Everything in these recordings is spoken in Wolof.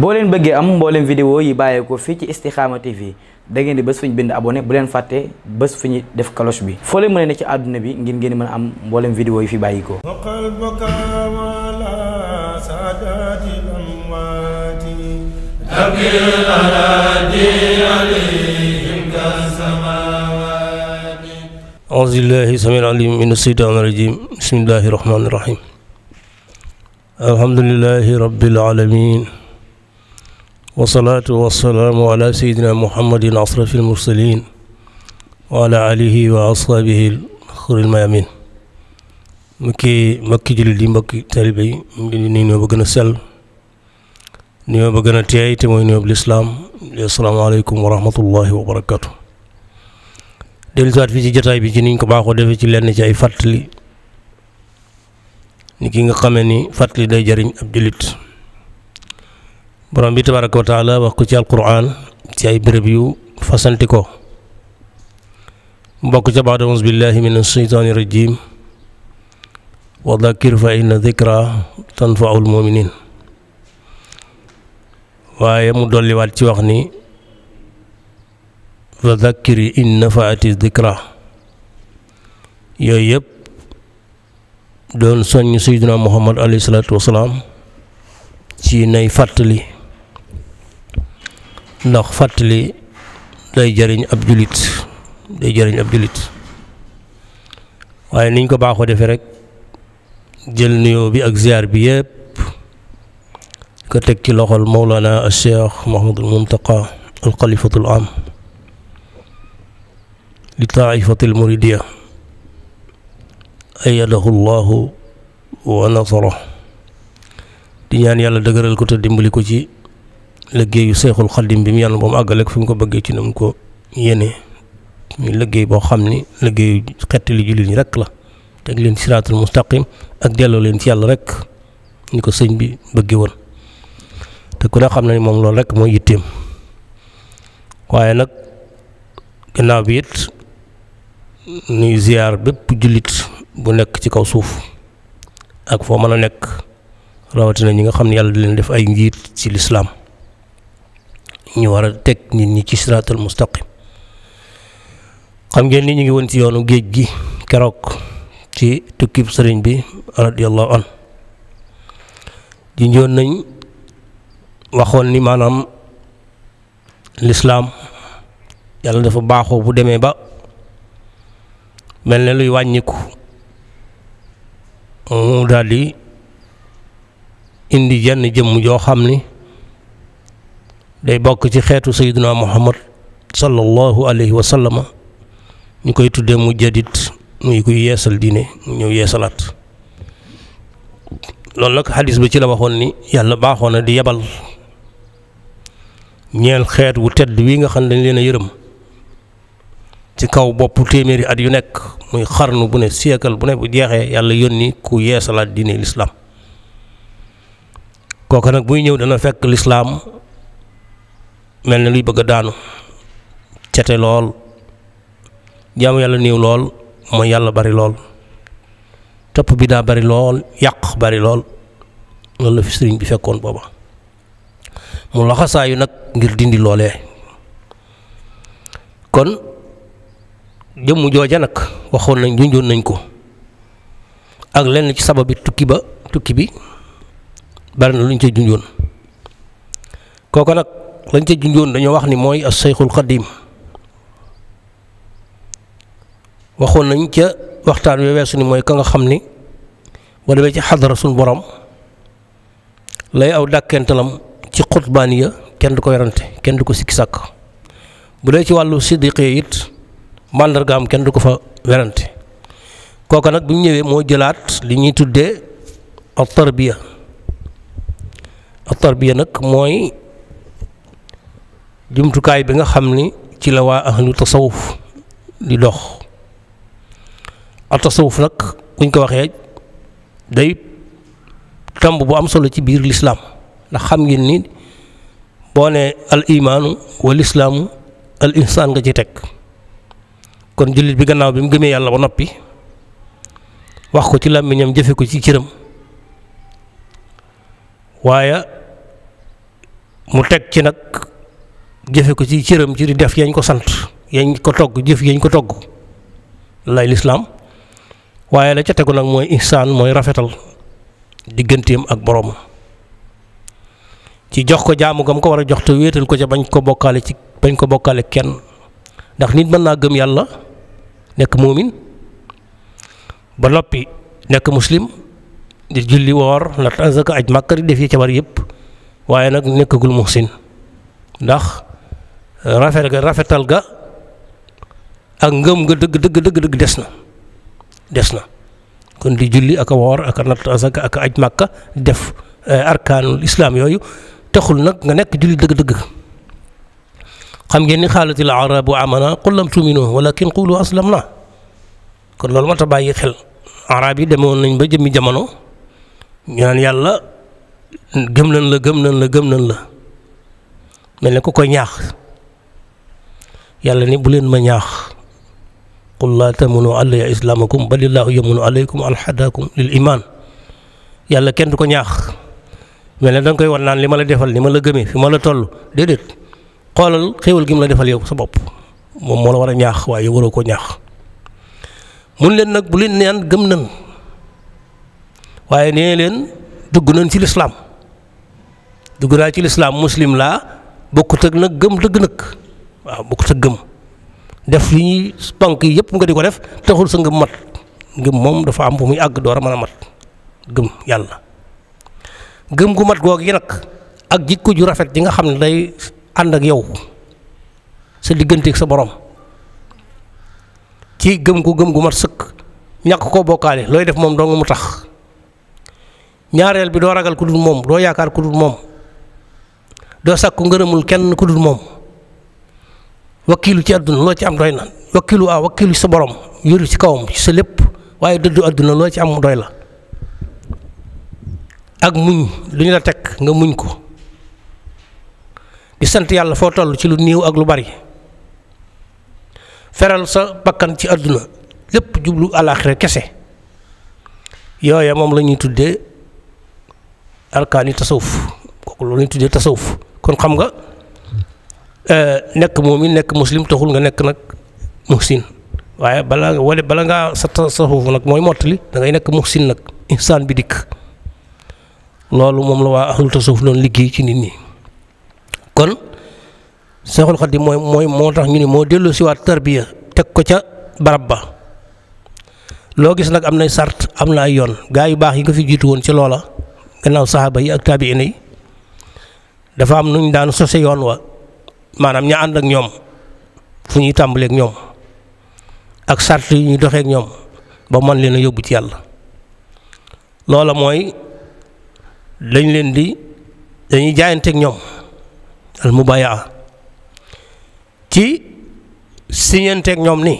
boo leen bëggee am mbooleem vidéo yi bàyyeekoo fii ci Istikhama TV da ngeen di bés fu ñu bind abonné bu leen fàtte bés fu ñu def cloche bi foo leen mën ne ci àdduna bi ngir ngeen mën am mbooleem vidéo yi fi bàyyikoo aousubillahi samil alim min asheytaan irajim bismillahi rahmaani rahim alhamdulilahi rabbil alamin wasalaatu wasalaamu ala seydina muhammadin asrafi almursalin wa ala alihi wa ashaabihi xuril mayamin mbokki mbokki jullit yi mbokki taalibe yi ñu nii nuyoo ba gën a sell nuyoo ba gën a teey te mooy nuyoo bi lislaam asalaamaaleykum wa rahmatullahi wa barakatu dellusiwaat fii ci jataay bi ci niñ ko baaxoo defee ci lenn ci ay fàttali ni ki nga xamee ni fàttali day jariñ ab jullit borom bi tabaraka wa taala wax ko ci alquran ci ay bërëb yu fasanti ko bokk ca baada auzu billahi min rajim wa dakir fa inna dikra tanfaul muminin waaye mu dolliwaat ci wax ni fa dakkiri in nafaati dikra yooyu yëpp doon soññ sayyidina muhammad alayhi salaatu wasalaam ci nay fàttali ndax fàttali day jëriñ ab julit day jëriñ ab julit waaye niñ ko baaxoo defee rek jël nuyoo bi ak ziar bi yëpp ko teg ci loxol Mawlana al Cheikh Mouhamadul Muntaqa al Xalifatul Am li taaifatil muridiya ayadahu llahu wa nasara di ñaan yàlla dëgëral ko te dimbali ko ci liggéeyu seexul xaddim bi mu yàlla ba mu àggale fi mu ko bëggee ci na mu ko yéene muy liggéey boo xam ni liggéeyu xettali jullit ñi rek la teg leen siraatul mustaqim ak delloo leen ci yàlla rek ñu ko sëñ bi bëggee woon te ku xam na ni moom loolu rek mooy yitteem waaye nag gannaaw bi it nuy ziyaar bépp jullit bu nekk ci kaw suuf ak foo mën a nekk rawatina ñi nga xam ne yàlla di leen def ay njiit ci lislaam ñu war a teg nit ñi ci siraatal mustaqim xam ngeen ni ñu ngi woon ci yoonu géej gi keroog ci tukkib sëriñ bi radiyallahu an junjoon nañ waxoon ni maanaam lislaam yàlla dafa baaxoo bu demee ba mel na luy wàññiku mu daal indi jenn jëmm joo xam ni day bokk ci xeetu sayyiduna muhammad sallallahu alayhi wa sallama ñu koy tuddee mu jadit muy kuy yeesal diine mu ñëw yeesalaat loolu nag xadis ba ci la waxoon ni yàlla baaxoon na di yebal ñeel xeet wu tedd wii nga xam ne dañ leen a yërëm ci kaw boppu téeméeri at yu nekk muy xarnu bu ne siècle bu ne bu jeexee yàlla yónni ku yeesalaat diine lislaam kooku nag buy ñëw dana fekk lislaam mel na luy bëgg a daanu cete lool jaamu yàlla néew lool mooy yàlla bari lool topp bi daa bari lool yàq bari lool loolu la fi sëriñ bi fekkoon booba mu laxasaayu nag ngir dindi loole kon jëmm jooja nag waxoon nañ junjoon nañ ko ak lenn ci bi tukki ba tukki bi bari na luñ ca junjoon kooku nag lañ ca junjoon dañoo wax ni mooy as seyxul xaddiim waxoon nañ ca waxtaan wi weesu ni mooy ka nga xam ni boo demee ci xadara suñ borom lay aw dàkkantalam ci xutbaaniya kenn du ko werante kenn du ko sikki sàkk bu dee ci wàllu siddiqee it màndargaam kenn du ko fa werante kooka nag bu ñu ñëwee moo jëlaat li ñuy tuddee at tarbiya at tarbiya nag mooy jumtukaay bi nga xam ni ci la waa ahlu tasawuf di dox ak tasawuf nag buñ ko waxee day tomb bu am solo ci biir lislaam ndax xam ngeen ni boo ne al imaanu wal islaamu al insaan nga ci teg kon jullit bi gannaaw bi mu gëmee yàlla ba noppi wax ko ci làmmiñam jëfe ko ci cëram waaye mu teg ci nag jëfe ko ci cëram ci di def yañ ko sant yañ ko togg jëf yañ ko togg lay lislaam waaye la ca tegu nag mooy ihsaan mooy rafetal digganteem ak boroomam ci jox ko jaamu gam ko war a jox te wéetal ko ca bañ ko bokkaale ci bañ ko bokkaale kenn ndax nit mën naa gëm yàlla nekk muumin ba noppi nekk muslim di julli woor la azaka aj màkk di def yi ca war yëpp waaye nag nekkagul muhsin ndax rafet ga rafetal ga ak ngëm nga dëgg dëgg dëgg des na des na kon di julli ak a woor ak a natt asaka ak aj màkka def eh, arkaanul islaam yooyu taxul nag nga nekk julli dëgg dëgg xam ngeen ni xaalatil arabu amana qul lam tuminu walakin qulu aslamna kon loolu moo tax bàyyi xel arab yi demoon nañ ba jëmmi jamono ñaan yàlla gëm nañ la gëm nañ la gëm la mel ne ku koy ñaax yàlla ni bu leen ma ñaax qul laa tamunu alaya islaamakum balillaahu yamunu alaykum alhadakum lil iman yàlla kenn du ko ñaax mel ne da koy wan naan li ma la defal ni ma la gëmee fi ma la toll déedéet xoolal xéewal gi la defal yow sa bopp moom moo la war a ñaax waaye waroo ko ñaax mun leen nag bu leen naan gëm nan waaye nee leen dugg nañ ci lislaam dugg naa ci lislaam muslim laa bokkut ak nag gëm dëgg nag waaw bu ko sa gëm def li ñuy ponk yëpp nga di ko def taxul sa ngëm mat ngëm moom dafa am bu muy àgg door a a mat gëm yàlla gëm gu mat goog yi nag ak jikko ju rafet ji nga xam ne day ànd ak yow sa digganteeg sa borom ci gëm gu gëm gu mat sëkk ñàkk koo bokkaale looy def moom doo nga mu tax ñaareel bi doo ragal ku dul moom doo yaakaar ku moom doo sàkku ngërëmul kenn ku moom wakkiilu ci àdduna loo ci am doy na wakkiilu waaw wakkiilu sa borom yëru ci kawam ci sa lépp waaye dëddu àdduna loo ci am doy la ak muñ lu ñu la teg nga muñ ko di sant yàlla foo toll ci lu néew ak lu bari feral sa bakkan ci àdduna lépp jublu alaaxira kese yooye moom la ñuy tuddee alkaani tasawuf kooku loolu la tuddee tasawuf kon xam nga Euh, nekk moomin nekk muslim taxul nga nekk nag muhsin waaye balaa nga wala bala ngaa sa tasawuf nag mooy mottali da ngay nekk muhsin nag insaan bi dikk loolu moom la waa ahlul liggéey ci nit ñi kon Seexul Xadiim mooy mooy moo tax ñu ne moo dellu si waat tarbiya teg ko ca barab ba loo gis nag am na sart am na ay yoon gaa yu baax yi nga fi jiitu woon ci loola gannaaw saxaaba yi ak taabiina yi dafa am nuñ daan sose yoon wa maanaam ña ànd ak ñoom fu ñuy tàmbaleek ñoom ak sart yi ñuy doxeek ñoom ba man leen a yóbbu ci yàlla loola mooy dañ leen di dañuy jaayanteek ñoom al mubayaa ci siñanteek ñoom ni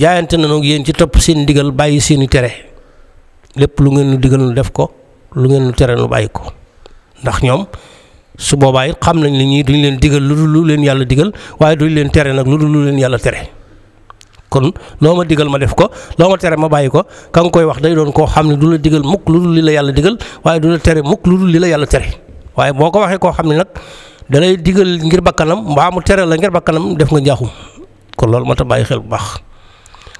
jaayante nañu yeen ci topp seen digal bàyyi seeni tere lépp lu ngeen nu digal nu def ko lu ngeen nu tere nu bàyyi ko ndax ñoom su boobaa it xam nañ ne ñii duñ leen digal lu dul lu leen yàlla digal waaye duñ leen tere nag lu dul lu leen yàlla tere kon loo ma digal ma def ko loo ma tere ma bàyyi ko ka nga koy wax day doon koo xam ne du la digal mukk lu dul li la yàlla digal waaye du la tere mukk lu dul li la yàlla tere waaye boo ko waxee koo xam ne nag da lay ngir bakkanam mbaamu tere la ngir bakkanam def nga njaaxum kon loolu moo tax bàyyi xel bu baax.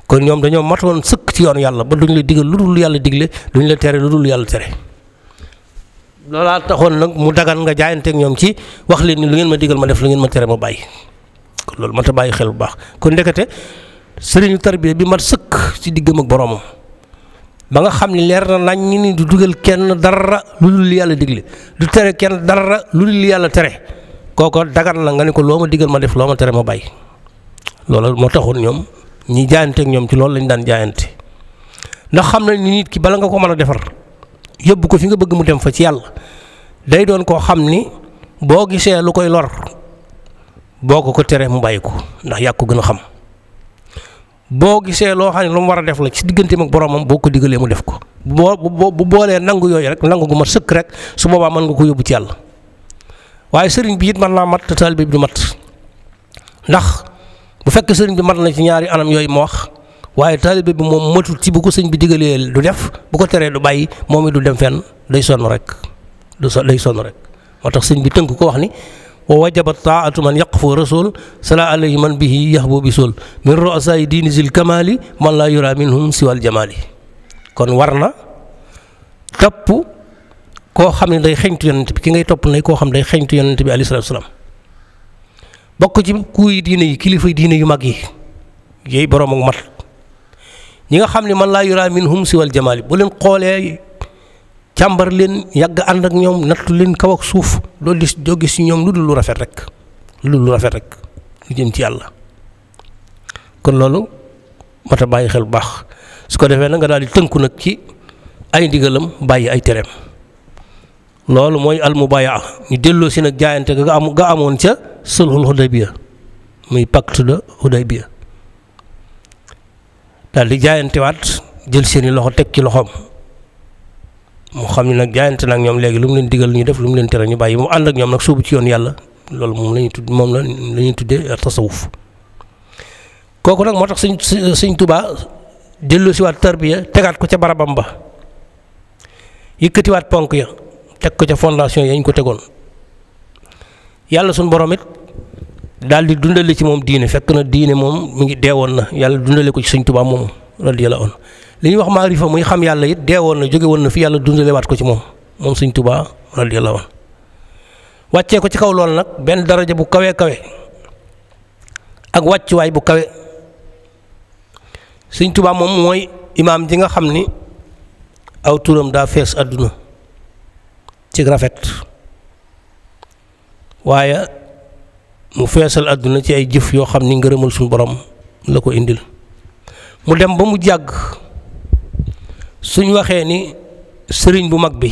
kon ñoom dañoo matoon sëkk ci yoon yàlla ba duñ la diggal lu dul yàlla digle ñu la tere lu dul yàlla tere. loolaa taxoon nag mu dagan nga jaayanteek ñoom ci wax leen ni lu ngeen ma digal ma def lu ngeen ma tere ma bàyyi kon bàyyi xel bu baax kon ndekete sëriñu bi mat sëkk ci diggam ak ba nga xam ne leer na nañ ñi ni du dugal kenn dara lu dul du tere kenn dara lu yàlla tere kooko dagan la nga ne ko loo digal ma def loo ma tere ma bàyyi loolu moo taxoon ñoom ñi jaayanteeg ñoom ci loolu lañ daan jaayante ndax xam nañ ni nit ki bala nga ko mën a defar. yóbbu ko fi nga bëgg mu dem fa ci yàlla day doon koo xam ni boo gisee lu koy lor boo ko ko teree mu bàyyi ko ndax yàgg ko gën a xam boo gisee loo xam ne lu mu war a def la ci digganteem ak boromam boo ko digalee mu def ko boo bu boolee nangu yooyu rek nangu gu ma sëkk rek su boobaa mën nga ko yóbbu ci yàlla waaye sëriñ biit it mën naa mat te taalibe bi du mat ndax bu fekkee sëriñ bi mat na ci ñaari anam yooyu ma wax waaye taalibe bi moom matul ci bu ko sëñ bi digalee du def bu ko teree du bàyyi moom it du dem fenn day sonn rek du so day sonn rek moo tax sëñ bi tënk ko wax ni wa wajaba taatu man yaqfu rasul sala alayhi man bi sol min roasaayi man laa yura minhum siwal jamali kon war na topp koo xam ne day xeñtu yonent bi ki ngay topp nay koo xam day xeñtu yonent bi alayhi salaatu salaam bokk ci kuuy diine yi kilifa diine yu mag yi yooyu boroom mat ñi nga xam ne man laa yura minhum siwal jamaali bu leen xoolee càmbar leen yàgg ànd ak ñoom nattu leen kaw ak suuf loolu gis doo si ñoom lu dul lu rafet rek lu dul lu rafet rek lu jëm ci yàlla kon loolu mat a bàyyi xel bu baax su ko defee na nga daal di tënku nag ci ay ndigalam bàyyi ay tereem loolu mooy almubaya ñu delloo si nag jaayante ga am ga amoon ca sulhul Hudaybiya muy pacte de Hudaybiya daal jaayante waat jël seeni loxo teg ci loxoom moo xam ne nag jaayante nag ñoom léegi lu mu leen digal ñu def lu mu leen tere ñu bàyyi mu ànd ak ñoom nag sóobu ci yoon yàlla loolu moom la ñuy tudd moom la ñuy tuddee tasawuf kooku nag moo tax sëñ sëñ Tuubaa delloosiwaat tarbiya tegaat ko ca barabam ba yëkkatiwaat ponk ya teg ko ca fondation yañ ko tegoon yàlla suñ borom daal di dundale ci moom diine fekk na diine moom mu ngi deewoon na yàlla dundale ko ci Sëñ Tuubaa moom radiyallaahu anhu li ñuy wax maarifa muy xam yàlla it deewoon na jóge woon na fi yàlla dundale waat ko ci moom moom Sëñ Tuubaa radiyallaahu anhu wàccee ko ci kaw lool nag benn daraja bu kawee kawe ak wàccuwaay bu kawe suñ tubaa moom mooy imaam ji nga xam ni aw turam daa fees àdduna ci rafet waaye mu feesal àdduna ci ay jëf yoo xam ni ngërëmal suñu borom la ko indil mu dem ba mu jàgg suñ waxee ni sëriñ bu mag bi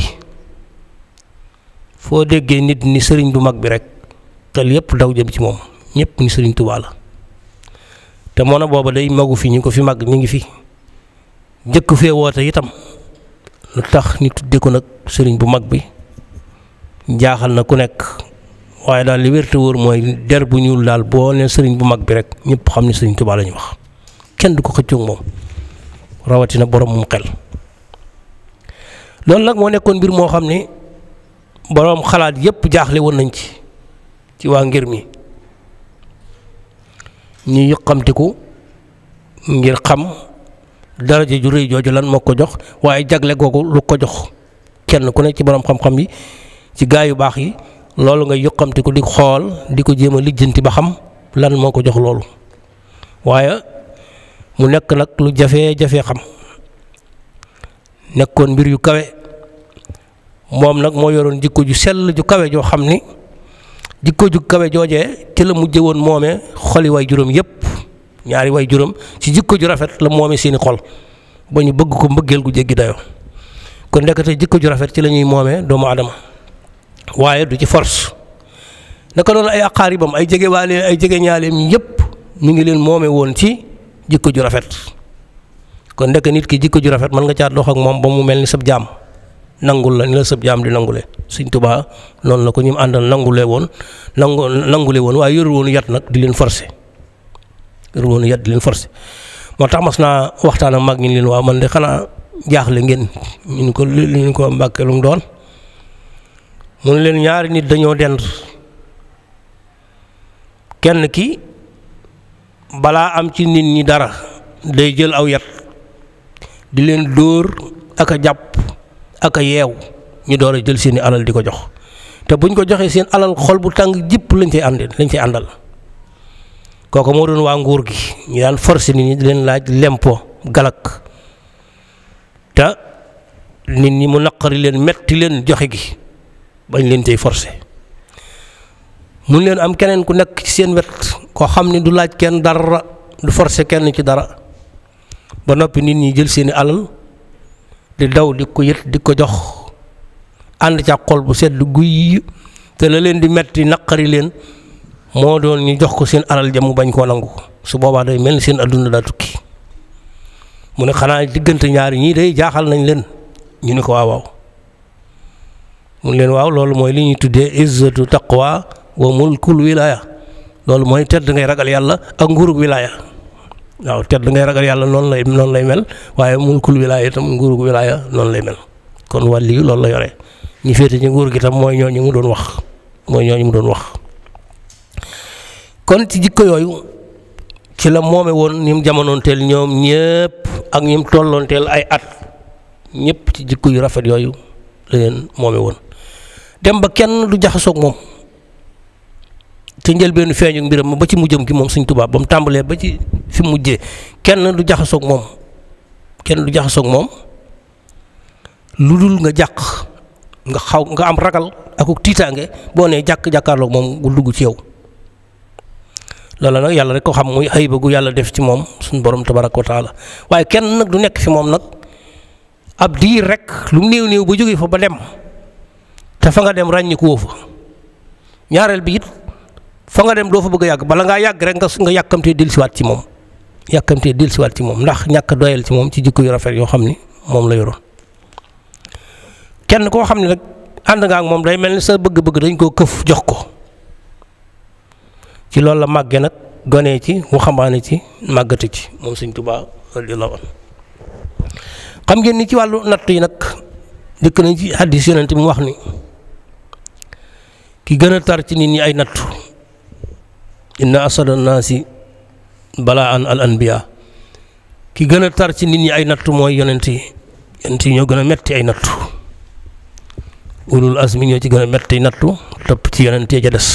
foo déggee nit ni sëriñ bu mag bi rekk xel yépp daw jëm ci moom ñépp ni sëriñ Tuubaa te moo na booba day magu fi ñu ko fi mag ñu ngi fi njëkk fee woote itam lu tax ñu tudde ko nag sëriñ bu mag bi jaaxal na ku nekk waaye daal li wér te mooy der bu ñuul daal boo ne sëriñ bu mag bi rek ñëpp xam ni sëriñ Tuubaa la ñu wax kenn du ko xëccoog moom rawatina borom mu xel loolu nag moo nekkoon mbir moo xam ne borom xalaat yépp jaaxle woon nañ ci ci waa ngir mi ñu yëqamtiku ngir xam daraja ju rëy jooju lan moo ko jox waaye jagle googu lu ko jox kenn ku ne ci borom xam-xam yi ci gaa yu baax yi. loolu ngay yuqamti ko di xool di ko jéem a lijjanti ba xam lan moo ko jox loolu waaye mu nekk nag lu jafe jafe xam nekkoon mbir yu kawe moom nag moo yoroon jikko ju sell ju kawe joo xam ni jikko kawe joojee ci la mujje woon moome xoli waay juróom yépp ñaari way juróom ci jikko ju rafet la moome seeni xol ba ñu bëgg ko mbëggeel gu jéggi dayo kon ndekete jikko ju rafet ci lañuy ñuy moome doomu aadama waaye du ci force naka noonu ay aqaaribam ay jege waale ay jege ñaaleem yëpp mu ngi leen moome woon ci jikko ju rafet kon ndekk nit ki jikko ju rafet mën nga caa dox ak moom ba mu mel ni sab jaam nangul la ni la sab jaam di nangule Sëñ Tuubaa noonu la ko ñu àndal nangule woon nangu nangule woon waaye yoru woonu yat nag di leen forcer yoru woonu yat di leen forcer moo tax mas naa waxtaan ak mag ñu leen waaw man de xanaa jaaxle ngeen ñu ko ñu ko mbàkke lu mu doon. mu leen ñaari nit dañoo dend kenn ki balaa am ci nit ñi dara day jël aw yat di leen dóor ak a jàpp ak a yeew ñu door a jël seeni alal di ko jox te buñ ko joxee seen alal xol bu tàng jëpp lañ cay ànd lañ cay àndal kooku moo doon waa nguur gi ñu daan force nit ñi di leen laaj lempo galak te nit ñi mu naqari leen metti leen joxe gi bañ leen tey forcé mun leen am keneen ku nekk ci seen wet koo xam ne du laaj kenn dara du forcé kenn ci dara ba noppi nit ñi jël seeni alal di daw di ko yët di ko jox ànd ca xol bu sedd guy te la leen di metti naqari leen moo doon ñu jox ko seen alal ja mu bañ koo nangu su boobaa day mel ni seen adduna daa tukki mu ne xanaa diggante ñaari ñii de jaaxal nañ leen ñu ne ko waaw mun leen waaw loolu mooy li ñuy tuddee izzatu taqwa wa mulkul wilaya loolu mooy tedd ngay ragal yàlla ak nguurug wilaya waaw tedd ngay ragal yàlla noonu lay noonu lay mel waaye mulkul wilaya itam nguurug wilaya noonu lay mel kon wàll yi loolu la yore ñu féete ci nguur gi tam mooy ñooñu mu doon wax mooy ñooñu mu doon wax kon ci jikko yooyu ci la moome woon ñi mu teel ñoom ñëpp ak ñi mu tolloonteel ay at ñëpp ci jikko yu rafet yooyu la leen moome dem ba kenn du jaxasoog moom ci njëlbeenu feeñu mbiram ba ci mujjam gi moom Sëñ Tuubaa mu tàmbalee ba ci fi mujjee kenn du jaxasoog moom kenn du jaxasoog moom lu dul nga jàq nga xaw nga am ragal akuk tiitaange boo nee jàkk jàkkaarloog moom gu dugg ci yow loolu nag yàlla rek ko xam muy xëy ba gu yàlla def ci moom suñu borom tabaraka wa waaye kenn nag du nekk fi moom nag ab diir rek lu néew néew ba jógee fa ba dem te fa nga dem ràññiku woo fa ñaareel bi it fa nga dem doo fa bëgg a yàgg bala ngaa yàgg rek nga nga yàkkamtee dellusiwaat ci moom yàkkamtee dellusiwaat ci moom ndax ñàkk doyal ci moom ci jikko yu rafet yoo xam ni moom la kenn koo xam ne nag ànd ak moom day mel ni sa bëgg-bëgg dañ koo këf jox ko ci loolu la màggee nag gonee ci waxambaane ci màggati ci moom Sëñ Tuubaa radiyallaahu anhu xam ngeen ni ci wàllu natt yi nag dikk nañ ci hadiis Yonent bi mu wax ni. ki gën a tar ci nit ñi ay nattu inna asada naasi balaa an al anbiya ki gën a tar ci nit ñi ay nattu mooy yonent yi yonent yi ñoo gën a metti ay nattu ulul azmi ñoo ci gën a metti nattu topp ci yonent yi ca des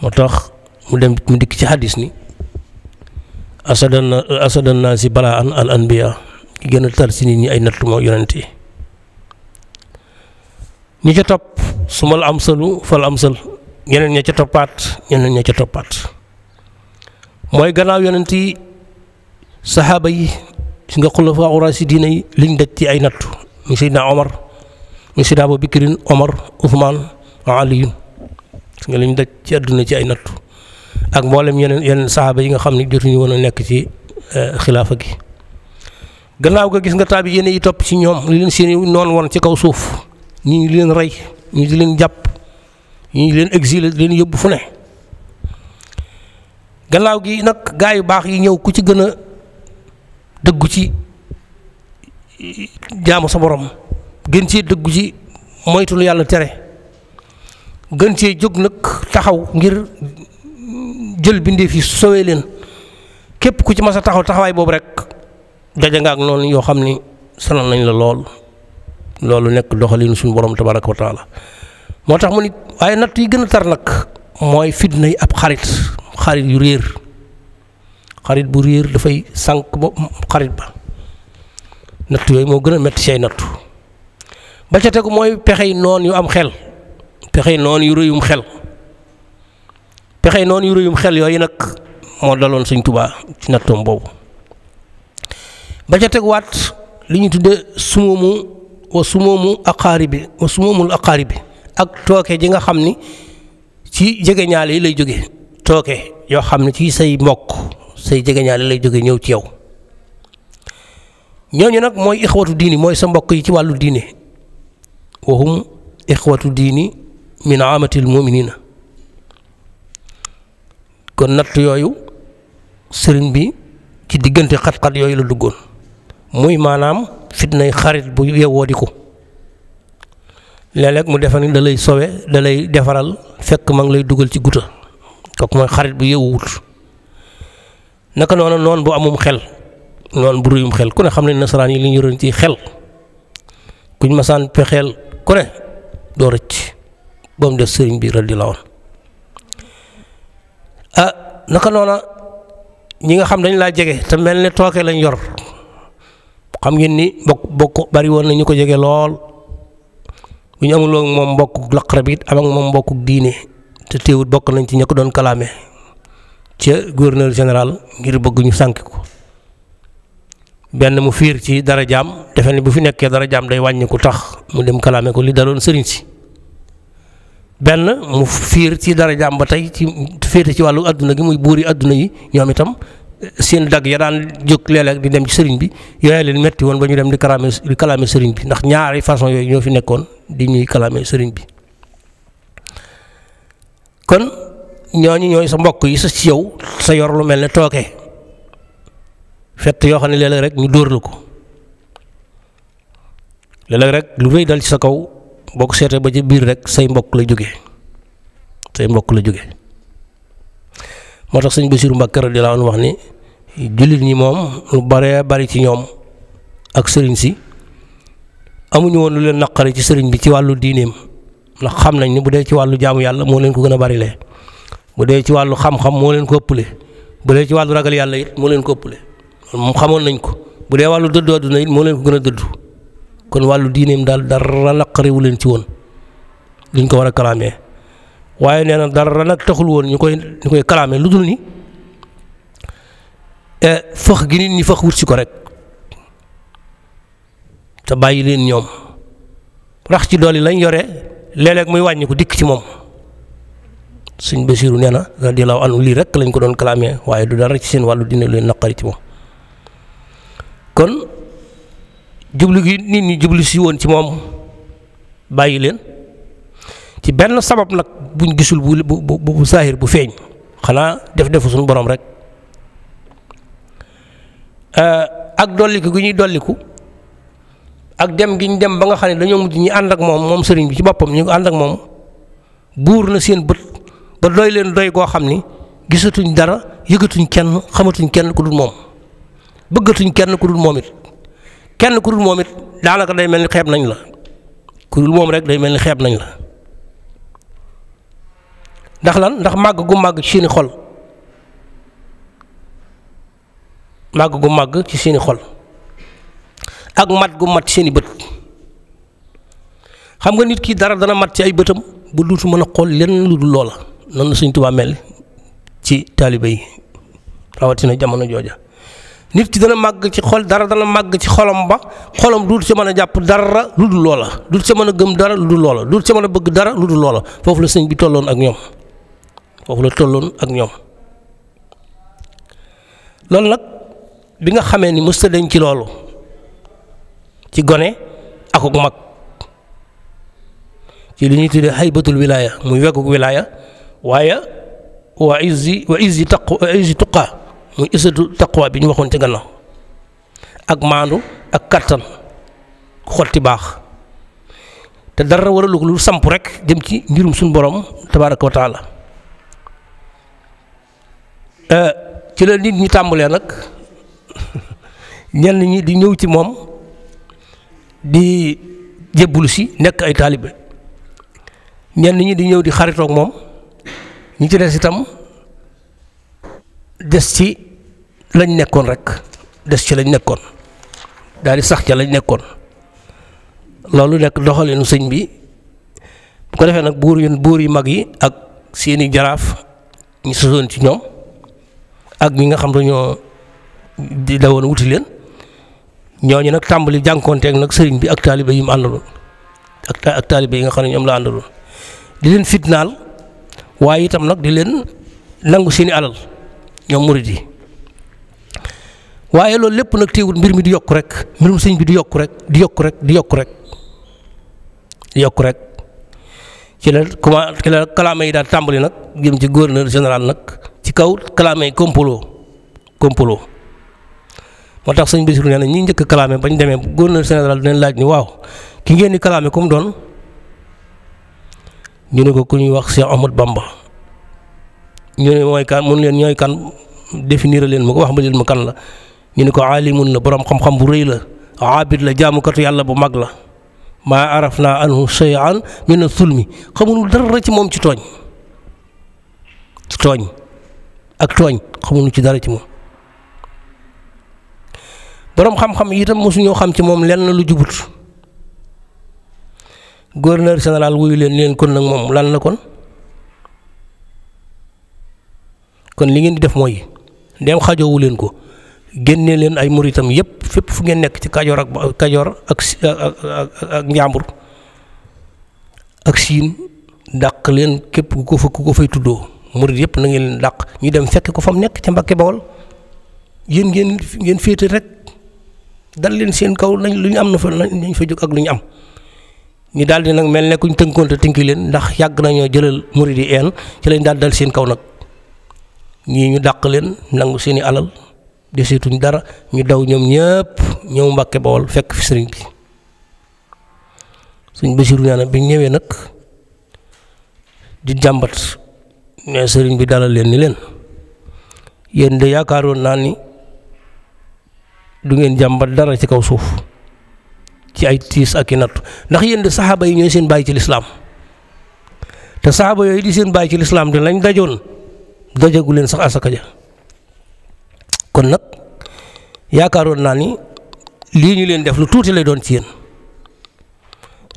moo tox mu dem mu dikk ci xadis ni asadan balaa an al anbiya ki gën a tar ci nit ñi ay nattu mooy yonent yi ñi ca topp su ma la am salu fa am sal ñeneen ña ca toppaat ñeneen ña ca toppaat mooy gannaaw yonent yi saxaaba yi si nga xulafaa raasidiina yi liñ daj ci ay nattu mi Seydina Omar mi Seydina Abu Bakrin Omar Ousmane Aliyun si nga liñ daj ci àdduna ci ay nattu ak mboolem yeneen yeneen saxaaba yi nga xam ne jotuñu woon a nekk ci eh, xilaafa gi gannaaw ga gis nga taabi yéene yi topp ci ñoom li leen seeni noon woon ci kaw suuf ñii leen rey ñu di leen jàpp ñu di leen exile di leen yóbbu fu ne gannaaw gi nag gaa yu baax yi ñëw ku ci gën a dëggu ci jaamu sa borom gën cee dëggu ci moytu lu yàlla tere gën cee jóg nag taxaw ngir jël bindeef yi sowee leen képp ku ci mas a taxaw taxawaay boobu rek daja nga ak noonu yoo xam ni sonal nañ la lool. loolu nekk doxalin suñu borom tabaraka wa taala moo tax mu nit waaye natt yi gën a tar nag mooy fit yi ab xarit xarit yu réer xarit bu réer dafay sànq ba xarit ba natt yooyu moo gën a metti say nattu ba ca tegu mooy pexey noon yu am xel pexe noon yu rëyum xel pexey noon yu rëyum xel yooyu nag moo daloon Sëñ Tuubaa ci nattoom boobu ba ca teguwaat li ñu tudde sumumu wa sumoomu aqaaribi wa sumoomul aqaaribi ak tooke ji nga xam ni ci jegeñaale yi lay jóge tooke yoo xam ne ci say mbokk say jegeñaale lay jóge ñëw ci yow ñooñu nag mooy ixwatu diini mooy sa mbokk yi ci wàllu diine wahum ixwatu diini min amatil muminina kon natt yooyu sëriñ bi ci diggante xat-xat yooyu la duggoon muy maanaam fitnay xarit bu yewoo di ko léeg mu defar ni da lay sowe da defaral fekk man lay dugal ci guta kooku mooy xarit bu yewuwut naka noonu noonu bu amum xel noonu bu réyum xel ku ne xam ne nasaraan yi li ñu yoroon ci xel kuñ masaan pexeel ku ne doo rëcc sëriñ bi rëdd la ah, naka noona ñi nga xam dañ laa jege te mel ne tooke lañ yor xam ngeen ni bokk bokk bari woon na ko jege lool bu ñu amul moom mbokk laqarab it am moom mbokku diine te teewut bokk nañ ci ña doon kalaame ca gouverneur général ngir bëgg ñu sànk ko benn mu fiir ci dara jaam defe ne bu fi nekkee dara jaam day wàññi tax mu dem kalaame ko li daloon sëriñ si benn mu fiir ci dara jaam ba tey ci féete ci wàllu àdduna gi muy buuri àdduna yi ñoom itam seen dagg ya daan jóg léeg di dem ci sëriñ bi yooya leen metti woon ba ñu dem di kalaame di kalaame sëriñ bi ndax ñaari façon yooyu ñoo fi nekkoon di ñuy kalaame sëriñ bi kon ñooñu ñooy sa mbokk yi sa ci yow sa yor lu mel ne tooke fett yoo xam ne léeg rek ñu dóor ko léeg rek lu rëy dal ci sa kaw boo ko seetee ba ci biir rek say mbokk la jóge say mbokk la jóge moo tax sëñ Bassirou Mbacké radiyallahu anhu wax ni jullit ñi moom lu bare bari ci ñoom ak sëriñ si amuñu woon lu leen naqari ci sëriñ bi ci wàllu diineem ndax xam nañ ni bu dee ci wàllu jaamu yàlla moo leen ko gën a barilee bu dee ci wàllu xam-xam moo leen ko ëppale bu dee ci wàllu ragal yàlla it moo leen ko ëppale moom xamoon nañ ko bu dee wàllu dëddu àdduna it moo leen gën a dëddu kon wàllu diineem daal dara naqariwu leen ci woon luñ ko war a kalaamee waaye nee na dara nag taxul woon ñu koy ñu koy lu dul ni fëx gi nit ñi fëx wut si ko rek te bàyyi leen ñoom rax ci dool yi lañ yore léeg-léeg muy wàññi ko dikk ci moom suñ Basiiru nee na radiyallaahu lii rek lañ ko doon clamé waaye du dara ci seen wàllu dina leen naqari ci moom kon jublu gi nit ñi jublu si woon ci moom bàyyi leen ci benn sabab nag buñ gisul bu bu bu saahir bu feeñ xanaa def defu suñu borom rek. Euh, ak dolliku gi ñuy dolliku ak dem gi dem ba nga xam ne dañoo mujj ñi ànd ak moom moom sëriñ bi ci boppam ñu ànd ak moom buur na seen bët ba doy leen doy goo xam ni gisatuñ dara yëgatuñ kenn xamatuñ kenn ku dul moom bëggatuñ kenn ku dul moom it kenn ku dul moom it daanaka day mel ni xeeb nañ la ku moom rek day mel ni xeeb nañ la ndax lan ndax màgg gu màgg ci seeni xol. màgg gu màgg ci seeni xol ak mat gu mat ci seeni bët xam nga nit kii dara dana mat ci ay bëtam bu duutu mën a xool lenn lu dul loola noonu la Sëñ mel ci taalibe yi rawatina jamono jooja nit ki dana màgg ci xol dara dana màgg ci xolam ba xolam duutu ca mën a jàpp dara lu du loola duutu ca mën a gëm dara lu dul loola duutu ca mën a bëgg dara lu dul loola foofu la sëñ bi tolloon ak ñoom foofu la tolloon ak ñoom loolu nag bi nga xamee ni mësta dañ ci loolu ci gone akuk mag ci li ñuy tuddee xaybatul wilaaya muy weguk wilaaya waaye wa izzi wa bi ñu waxoon ci ak maandu ak kattan xotti baax te dara war lu samp rek jëm ci mbirum suñu borom tabaaraka wa euh, ci la nit ñi tàmbalee nag ñenn ñi di ñëw ci moom di jébbulu si nekk ay taalibe ñenn ñi di ñëw di xaritoog moom ñu ci des itam des ci lañ nekkoon rek des ci lañ nekkoon daal di sax ca lañ nekkoon loolu nekk doxaleenu sëñ bi bu ko defee nag buur yu buur yu mag yi ak seeni jaraaf ñu sosoon ci ñoom ak ñi nga xam dañoo di dawoon wuti leen ñooñu nag tàmbali jànkoonteeg nag sëriñ bi ak taalibe yi mu àndaloon ak ak taalibe yi nga xam ne ñoom la àndaloon di leen fitnaal waaye itam nag di leen nangu seeni alal ñoom murid waaye loolu lépp nag teewul mbir mi di yokk rek mbirum sëñ bi di yokk rek di yokk rek di yokk rek di yokk rek ci la comment ci yi daal tàmbali nag jëm ci gouverneur général nag ci kaw kalaame yi complot complot moo tax sëñ Bassirou nee na ñi njëkk a kalaame bañ demee gouverneur Sénégal dinañ laaj ni waaw ki ngeen di kalaame comme doon ñu ne ko ku ñuy wax Cheikh Ahmad Bamba ñu ne mooy kan mun leen ñooy kan définir leen ma ko wax ma leen ma kan la ñu ne ko aalimun la borom xam-xam bu rëy la aabid la jaamukatu yàlla bu mag la maa araf naa anhu shay'an min sulmi xamuñu dara ci moom ci tooñ ci tooñ ak tooñ xamuñu ci dara ci moom. boroom xam-xam yi itam mosuñoo xam ci moom lenn lu jubut gouverneur général wuyu leen leen kon nag moom lan na kon kon li ngeen di def mooy dem xajoowu leen ko génne leen ay muritam yépp fépp fu ngeen nekk ci kajoor ak kajoor ak ak njàmbur ak siin dàq leen képp ku ko fa ku ko fay tuddoo murit yépp na ngeen leen dàq ñu dem fekk ko fa mu nekk ca Mbàkke Bawol yéen ngeen ngeen féete rek. dal leen seen kaw nañ lu ñu am na fa nañ fa jóg ak lu ñu am ñu daldi nag mel ne kuñ tënkoon te leen ndax yàgg nañoo jëlal murid yi een ci lañ daal dal seen kaw nag ñi ñu dàq leen nangu seeni alal deseetuñ dara ñu daw ñoom ñëpp ñëw Mbàkke Bawol fekk fi sëriñ bi suñ Basiru nee bi ñëwee nag di jàmbat ne sëriñ bi dalal leen ni leen yéen de yaakaaroon naa ni du ngeen jàmbat dara ci kaw suuf ci ay tiis ak i nattu ndax yéen de saxaaba yi ñooy seen bàyyi ci lislaam te saxaaba yooyu di seen bàyyi ci lislaam de lañ dajoon dajagu sax asaka ja kon nag yaakaaroon naa ni lii ñu leen def lu tuuti lay doon ci yéen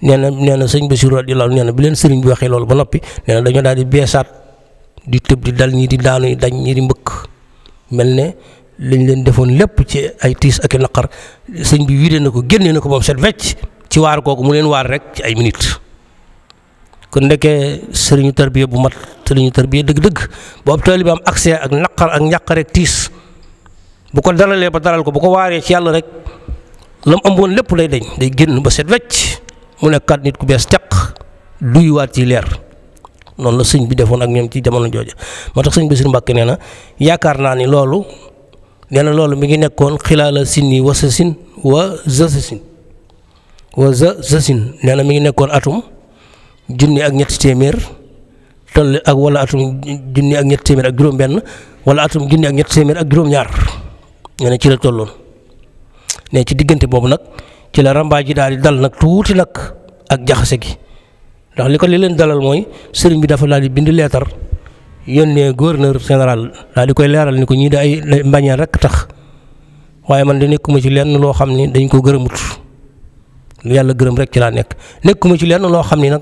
nee na nee na sëñ Basiru di nee na bi leen sëriñ bi waxee loolu ba noppi nee na dañoo daal di beesaat di tëb di dal ñii di daanu dañ ñii di mbëkk mel ne lañ leen defoon lépp ci ay tiis ak i naqar sëñ bi wiide na ko génne na ko ba mu wecc ci waar kooku mu leen waar rek ci ay minutes kon ndekee sëriñu tarbiya bu mat sëriñu tarbiya dëgg-dëgg bu ab taalibe am accès ak naqar ak ñàq tiis bu ko dalalee ba dalal ko bu ko waaree ci yàlla rek lam am woon lépp lay deñ day génn ba set wecc mu nekkaat nit ku bees caq duyuwaat ci leer noonu la sëñ bi defoon ak ñoom ci jamono jooja moo tax sëñ Bassirou Mbacké nee na yaakaar naa ni loolu nee loolu mi ngi nekkoon xilaala sinni wasasin wa zasasin wa zasasin nee na mi ngi nekkoon atum junni ak ñetti téeméer toll ak wala atum junni ak ñetti téeméer ak juróom-benn wala atum junni ak ñetti téeméer ak juróom-ñaar nee ci la tolloon ne ci diggante boobu nag ci la ràmbaa ji daal di dal nag tuuti nag ak jaxase gi ndax li ko li leen dalal mooy sëriñ bi dafa daal di bind leetar. yónnee gouverneur général daal di koy leeral ni ko ñii da ay mbañeel rek tax waaye man di nekkuma ci lenn loo xam ni dañ ko gërëmut yàlla gërëm rek ci laa nekk nekkuma ci lenn loo xam ni nag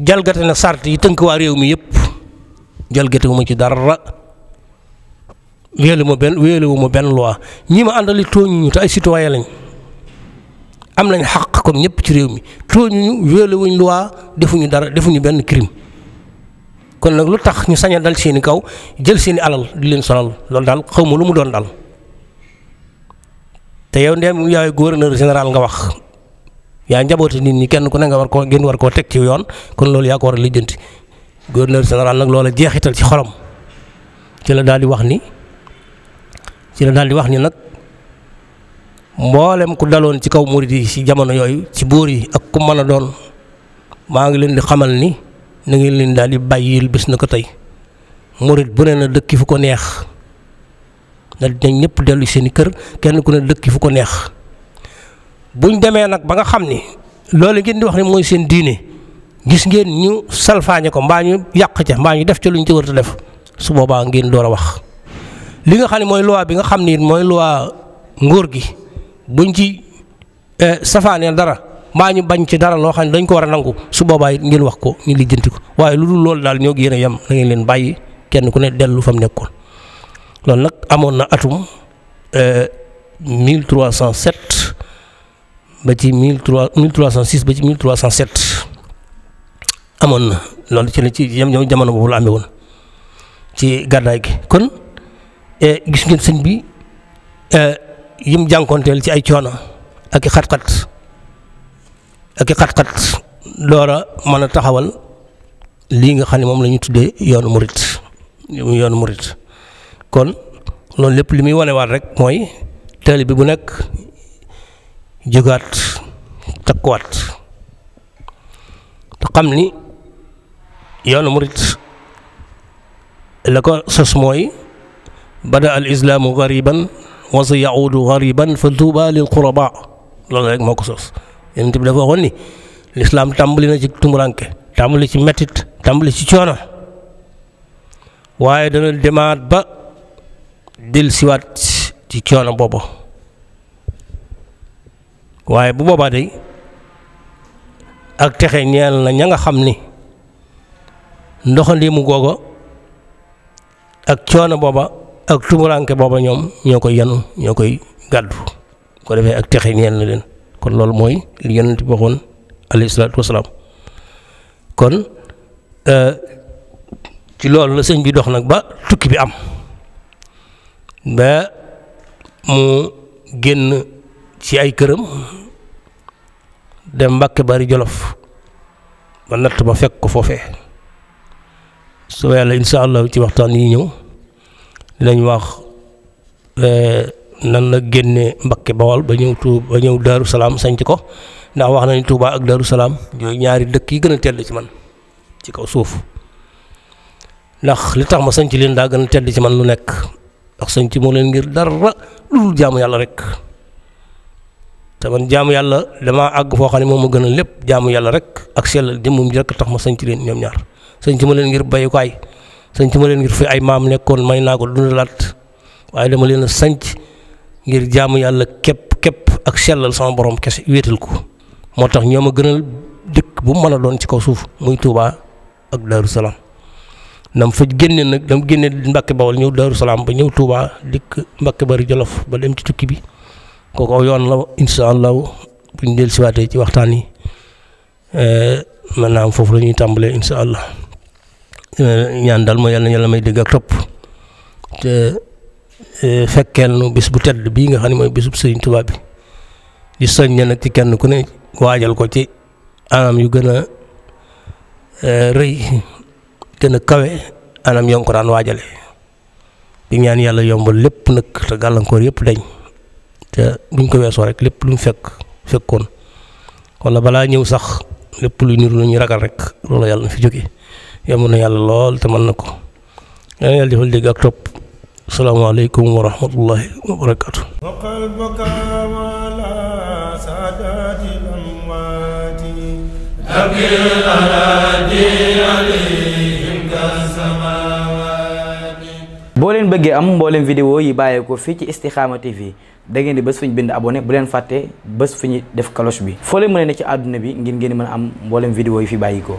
jalgate na sart yi tënk waa réew mi yëpp jalgate wu ma ci dara wéelu ma benn wéelu wu ma benn loi ñi ma àndali tooñuñu te ay citoyen lañ am nañ xaq comme ñëpp ci réew mi tooñuñu wéelu wuñ loi defuñu dara defuñu benn crime. kon nag lu tax ñu sañ dal seeni kaw jël seeni alal di leen solal loolu daal xaw ma lu mu doon dal te yow mu yaay gouverneur général nga wax yaa njabooti nit ñi kenn ku ne nga war ko gën war koo teg ci yoon kon loolu yaa ko war a lijjanti gouverneur général nag loola jeexital ci xolom ci la daal di wax ni ci la daal di wax ni nag mboolem ku daloon ci kaw murid yi ci jamono yooyu ci buur yi ak ku man a doon maa ngi leen di xamal ni. na ngeen leen daal di bàyyil bis na ko tey murit bu ne na dëkki fu ko neex na dañ ñëpp dellu seeni kër kenn ku ne dëkki fu ko neex buñ demee nag ba nga xam ni loolu ngeen di wax ne mooy seen diine gis ngeen ñu salfaañe ko mbaa ñu yàq ca mbaa ñu def ca lu ñu ci war a def su boobaa ngeen door a wax li nga xam ne mooy loi bi nga xam ni mooy loi nguur gi buñ ci eh, safaanee dara maa ñu bañ ci dara loo xam ne dañ ko war a nangu su boobaa it wax ko ñu lijjanti ko waaye lu dul loolu daal ñoo yéen a yem da ngeen leen bàyyi kenn ku ne dellu fa mu nekkoon loolu nag amoon na atum 1307 euh, ba ci 1306 ba ci 1307 amoon na loolu ci la ci jamono boobu la amee woon ci gàddaay gi kon euh, gis ngeen sëñ bi euh, yim jànkoonteel ci ay coono ak i xat ak i xat-xat door a mën a taxawal lii nga xam ne moom la ñu tuddee yoonu murit yoonu murit kon loolu lépp li muy wanewaat rek mooy taalibe bu nekk jógaat takkuwaat te xam ni yoonu murit la ko sos mooy bada al islaamu gariban wa sa yaudu gariban fa tuuba lil quraba loolu rek moo ko sos yonent bi dafa waxoon ni lislaam tàmbali na ci tumuranke tàmbali ci mettit tàmbali ci coono waaye dana demaat ba dil siwaat ci coono boobu waaye bu boobaa day ak texe ñeel na ña nga xam ni ndoxandi mu googo ak coono booba ak tumuranke booba ñoom ñoo koy yanu ñoo koy gàddu ko defee ak texe ñeel na leen kon loolu mooy li yonent bi waxoon alayhi salaatu wasalaam kon euh, ci loolu la sëñ bi dox nag ba tukki bi am ba mu génn ci ay këram dem Mbàkke Bari Jolof ba natt ba fekk ko foofee su yàlla incha allah ci waxtaan yi ñëw dinañ wax euh, nan la génne Mbakke Bawol ba ñëw tuub ba ñëw Daaru Salaam sanc ko ndax wax nañu Tuubaa ak Daaru Salaam ñooy ñaari dëkk yi gën a tedd ci man ci kaw suuf ndax li tax ma sanc leen daa gën a tedd ci man lu nekk ndax sanc moo leen ngir dara lu dul yàlla rek te man jaamu yàlla damaa àgg foo xam ne moom ma gën a lépp jaamu yàlla rek ak sellal jëmmum ji rek tax ma sanc leen ñoom ñaar sanc ma leen ngir bayukaay sanc ma leen ngir fi ay maam nekkoon may naa ko dundalaat waaye dama leen a sanc ngir jaamu yàlla képp képp ak sellal sama borom kese wéetal ko moo tax ñoo ma gënal dëkk bu mu mën a doon ci kaw suuf muy tuubaa ak Darou Salaam nam fa génne nag dam génne Mbacke Bawol ñëw Darou Salaam ba ñëw Touba dikk Mbacke bari Jolof ba dem ci tukki bi kooku aw yoon la incha allahu bu ñu dellusiwaatee ci waxtaan man e, maanaam foofu la ñuy tàmbalee incha allah e, ñaan daal mooy yàlla yàlla may dégg ak topp Eh, fekkeel nu bis bu tedd bii nga xam ne mooy bisub sëriñ Tuubaa bi di soññe nag ci kenn ku ne waajal ko ci anam yu gën a eh, rëy gën a kawe anam yo ko daan waajale di ñaan yàlla yombal lépp nag te gàllankoor yëpp dañ te buñ ko weesoo rek lépp lu mu fekk kon wala balaa ñëw sax lépp lu niru lu ñu ragal rek loolu yàlla na fi jóge yomb na yàlla lool te mën na ko yàlla defal dégg ak salaamaaleykum wa rahmatullahi wa barakaatu. boo leen bëggee am mbooleem vidéo yi bàyyeekoo fii ci Istikhama TV da ngeen di bés fu ñu bind abonné bu leen fàtte bés fu ñu def cloche bi foo leen mën ne ci àdduna bi ngir ngeen mën am mbooleem vidéo yi fi bàyyikoo